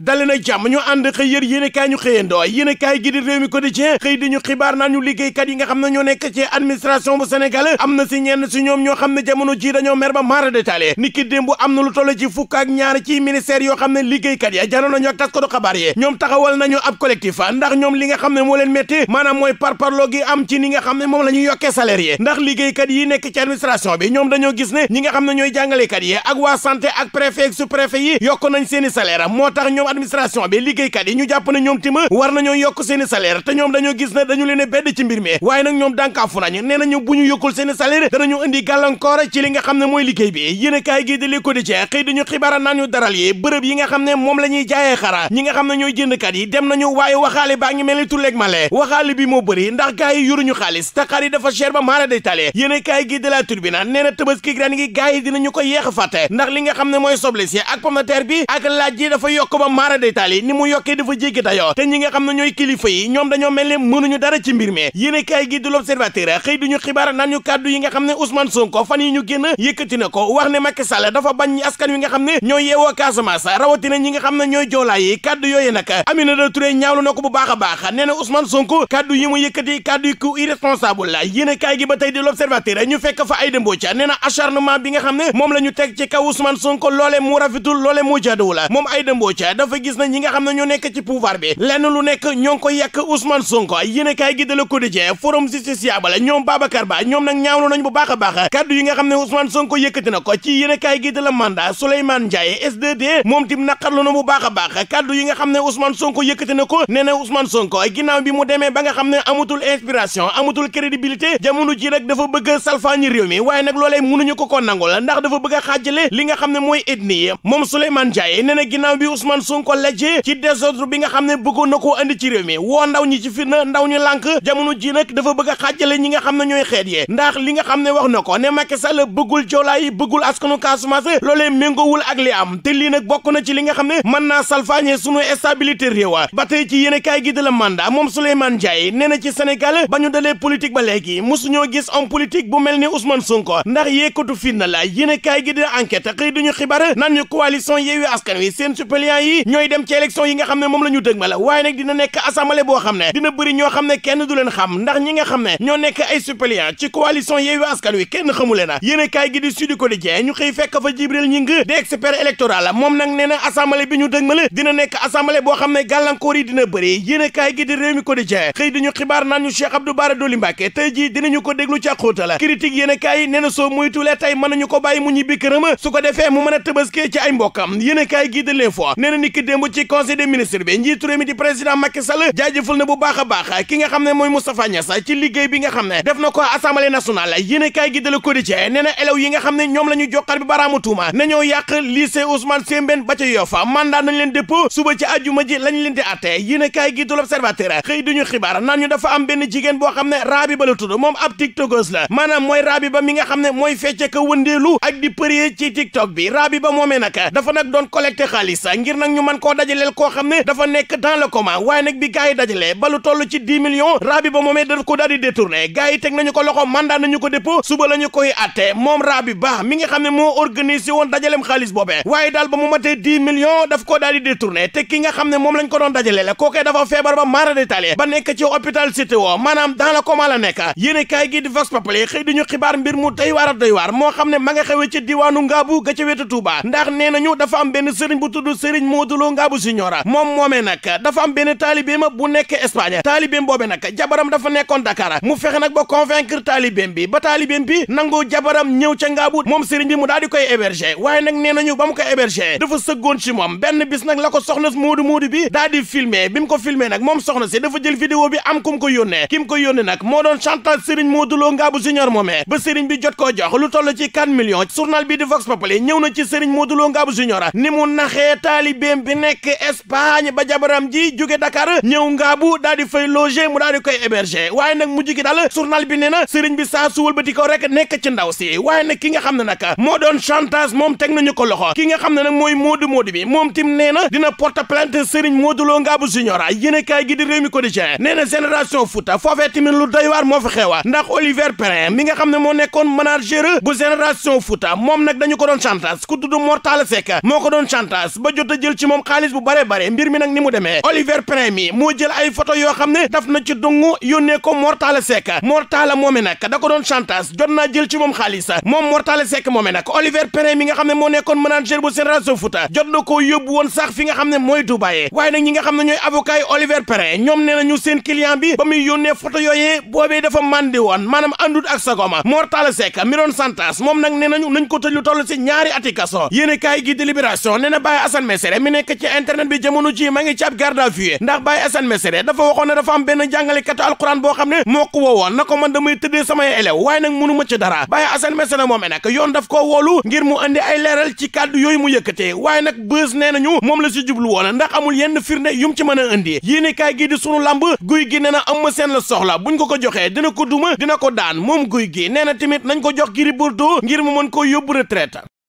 dale na jàmm ñu ànd xëy yër yéenekaay ñu xëyandoo yéenekaay gi di réew mi quotidien xëy di ñu xibaar naan ñu liggéeykat yi nga xam ne ñoo nekk ci administration bu Sénégal am na si ñenn si ñoom ñoo xam ne jamono ji dañoo mer ba maara détaillé ni ki démb am na lu toll ci fukk ak ñaar ci ministère yoo xam ne liggéeykat ya janoon nañu ak tas ko du xabaar ñoom taxawal nañu ab collectif ndax ñoom li nga xam ne moo leen métti maanaam mooy parparloo gi am nga xam ne moom la ñu yokkee salaire yi ndax liggéeykat yi nekk ci bi ñoom dañoo gis ne ñi nga xam na ñooy jàngalekat yi ak waa santé ak yokk nañ seeni salaire moo tax ñoom administration bi liggéeykat yi ñu jàpp ne ñoom tima war nañoo yokk seeni salaire te ñoom dañoo gis ne dañu leen bedd ci mbir mi waaye nag ñoom dànkaafu nañu nee nañu bu ñu yokkul seeni salaire danañu indi gàllankoor ci li nga xam ne mooy liggéey bi yéen kaay gi di Le Quotidien xëy xibaara naan ñu daral yi bërëb yi xam ne moom la ñuy jaayee xara ñi nga xam ne ñooy jëndkat yi dem nañu waaye waxaale baa ngi mel ni tulleeg male waxaale maara détaal yi ni mu yokkee dafa jéggi dayoo te ñi nga xam ñooy kilifa yi ñoom dañoo mel ne mënuñu dara ci mbir mi yéene kaay gi du l'observateur xëy duñu xibaar naan ñu kàddu yi nga xam ne Ousmane Sonko fan yi ñu génn yëkkati na ko wax ne Macky Sall dafa bañ askan wi nga xam ne ñooy yeewoo Casamance rawatina ñi nga xam ne ñooy joolaa yi kàddu yooyu nag Aminata Touré ñaawlu na ko bu baax a baax nee na Ousmane Sonko kàddu yi mu yëkkati kàddu yi ku irresponsable xam ne moom la ñu teg ci kaw Ousmane mu rafetul loole mu jaaduwul la moom Aïda Mbodj dafa gis na ñi nga xam ne ñoo nekk ci pouvoir bi lenn lu nekk ñoo ngi ko yàq Ousmane Sonko yéene kaay gi de Le Quotidien forum justiciable ñoom Babacar Ba ñoom nag ñaawlu nañ bu baax a baax kaddu yi nga xam ne Ousmane Sonko yëkkati na ko ci yéene kaay gi de Le Mandat Souleymane Ndiaye S2D moom tim naqarlu na bu baax a baax kaddu yi nga xam ne Ousmane Sonko yëkkati na ko nee na Ousmane Sonko ginnaaw xam ne amutul inspiration amutul crédibilité jamono ji nag dafa bëgg salfaañi réew mi waaye nag loolee mënuñu ko ko nangul ndax dafa bëgg a nga xam ne mooy ethnie moom Souleymane Sonko lajjee ci désordre bi nga xam ne bëggoon na koo andi ci réew mi woo ndaw ñi ci fitna ndaw ñu lànk jamono ji nag dafa bëgg a xaajale ñi nga xam ne ñooy xeet yi ndax li nga xam ne wax na ko ne Macky Sall bëggul joolaa yi bëggul askanu Casamance loolee méngoowul ak am te lii nag bokk na ci li nga xam ne mën naa salfaañe sunu stabilité réewa ba tey ci yéen kaay gi de la mandat moom Souleymane Ndiaye nee na ci Sénégal ba ñu dalee politique ba léegi musuñoo gis homme politique bu mel ni Ousmane Sonko ndax yéekatu fitna la yéen kaay gi de enquête ñu duñu xibaar naan ñu coalition Yewwi Askan Wi seen suppléant yi yi ñooy dem ci élection yi nga xam ne moom la ñu dëg ma la waaye nag dina nekk assemblée boo xam ne dina bëri ñoo xam ne kenn du leen xam ndax ñi nga xam ne ñoo nekk ay suppléant ci coalition Yewwi Askan Wi kenn xamule na yéen a kaay gi di Sud Quotidien ñu xëy fekk fa Jibril Gningue di expert électoral moom nag nee na assemblée bi ñu dëg ma la dina nekk assemblée boo xam ne gàllankoor yi dina bëri yéen a kaay gi xëy di ñu xibaar naan ñu Cheikh Abdou Bara ko déglu ca xóota la critique yéen a kaay nee na soo muytulee tey mën nañu ko bàyyi mu ñibbi këram su ko defee mu mën a tëbaskee ci ay mbokkam yéen a gi ki démb ci conseil des bi njiitu réew mi di président Macky Sall na bu baax a ki nga xam ne mooy Moustapha Niass ci liggéey bi nga xam ne def na ko assemblée nationale yéen a kaay gi de la Quotidien nee na yi nga xam ne ñoom la ñu joxar bi baraamu tuuma nañoo yàq lycée Ousmane Sembène ba ca Yofa mandat nañ leen dépôt suba ci àjjuma ji lañ leen di atte yéen a kaay gi de l'Observateur xëy duñu xibaar naan ñu dafa am benn jigéen ñu mën koo dajaleel koo xam ne dafa nekk dans le coma waaye nag bi gars yi dajalee ba ci dix raabi ba moomee daf ko daal di détourné gars yi teg nañu ko loxo mandat nañu ko dépôt suba la koy atte moom raabi ba mi xam ne moo organisé woon dajaleem xaalis boobee waaye daal ba mu matee dix millions daf ko daal di détourné te ki xam ne moom lañ ko doon dajalee la kookee dafa feebar ba maara détaillé ba nekk ci hôpital cité woo maanaam dans le la nekk yéene kaay gi di Vox Populi xëy di ñu xibaar mbir mu doy waar a doy moo xam ne ma nga xewee ci diwaanu Ngaabu ga ca wetu Touba ndax nee nañu dafa am benn bu tudd sëriñ moo Moduloo Ngaabu Junior moom moomee nag dafa am benn taalibeem bu nekk Espagne taalibeem boobe nag jabaram dafa nekkoon Dakar mu fexe nag ba convaincre taalibeem bi ba taalibeem bi nangoo jabaram ñëw moom sëriñ bi mu daal koy héberger waaye nag nee nañu ba ko héberger dafa sëggoon ci moom benn bis la ko soxna Moodu Moodu bi daal di filmer bi mu ko filmer nag moom soxna si dafa jël vidéo bi am ku ko yónnee ki ko yónnee nag moo doon chantage sëriñ Moduloo Ngaabu xaritam bi nekk Espagne ba jabaram ji jóge Dakar ñëw ngaabu daal di fay loger mu daal di koy héberger waaye nag mujj gi daal journal bi nee na sëriñ bi saa su wëlbati ko rek nekk ci ndaw si waaye nag ki nga xam ne nag moo doon chantage moom teg nañu ko loxo ki nga xam ne nag mooy Modou Modou bi moom tim nee na dina porte plainte sëriñ Modou Lo ngaabu junior yéene kaay gi di réew mi quotidien nee na génération Fouta foofee tamit lu waar moo fa xewa ndax Olivier xam moo nekkoon manager bu moom nag dañu ko doon chantage ku tudd Mortala Seck a moom xaalis bu bare bare mbir mi nag ni mu deme Oliver Prin mi moo jël ay photo yoo xam ne daf na ci dungu yónnee ko Mortala Seck Mortala moom nag da ko doon chantage jot naa jël ci moom xaalis moom Mortala Seck moome nag Oliver Prin mi nga xam ne moo nekkoon manager bu Génération Foot jot na koo yóbbu woon sax fi nga xam ne mooy Dubaay waaye nag ñi nga xam ne ñooy avocat yi Oliver Prin ñoom nee nañu seen client bi ba muy yónnee photo yooyee boobee dafa màndi woon maanaam àndut ak sagoma Mortala Seck mi doon chantage moom nag nee nañu nañ ko tëj lu toll si ñaari ati kaso yéene kaay gi délibération nee na mi nekk ci internet bi jamono ji ma ngi ci ab garde à vue ndax Baye Assane Mesere dafa waxoon na dafa am benn jàngalekatu alquran boo xam ne moo ko woowoon na ko man damay tëddee samay élèves waaye nag mënu ma ci dara Baye Assane Mesere moom nag yoon daf ko woolu ngir mu andi ay leeral ci kàddu yooyu mu yëkkatee waaye na bës nee ñu moom la si jublu woon ndax amul yenn firnde yum ci mën a indi yéene kaay gi di sunu lamb guy gi nee na Eumeu Sène la soxla buñ ko ko joxee dina ko duma dina ko daan moom guy gi nee na tamit nañ ko jox Gris Bordeaux ngir mu mën koo yóbbu retraite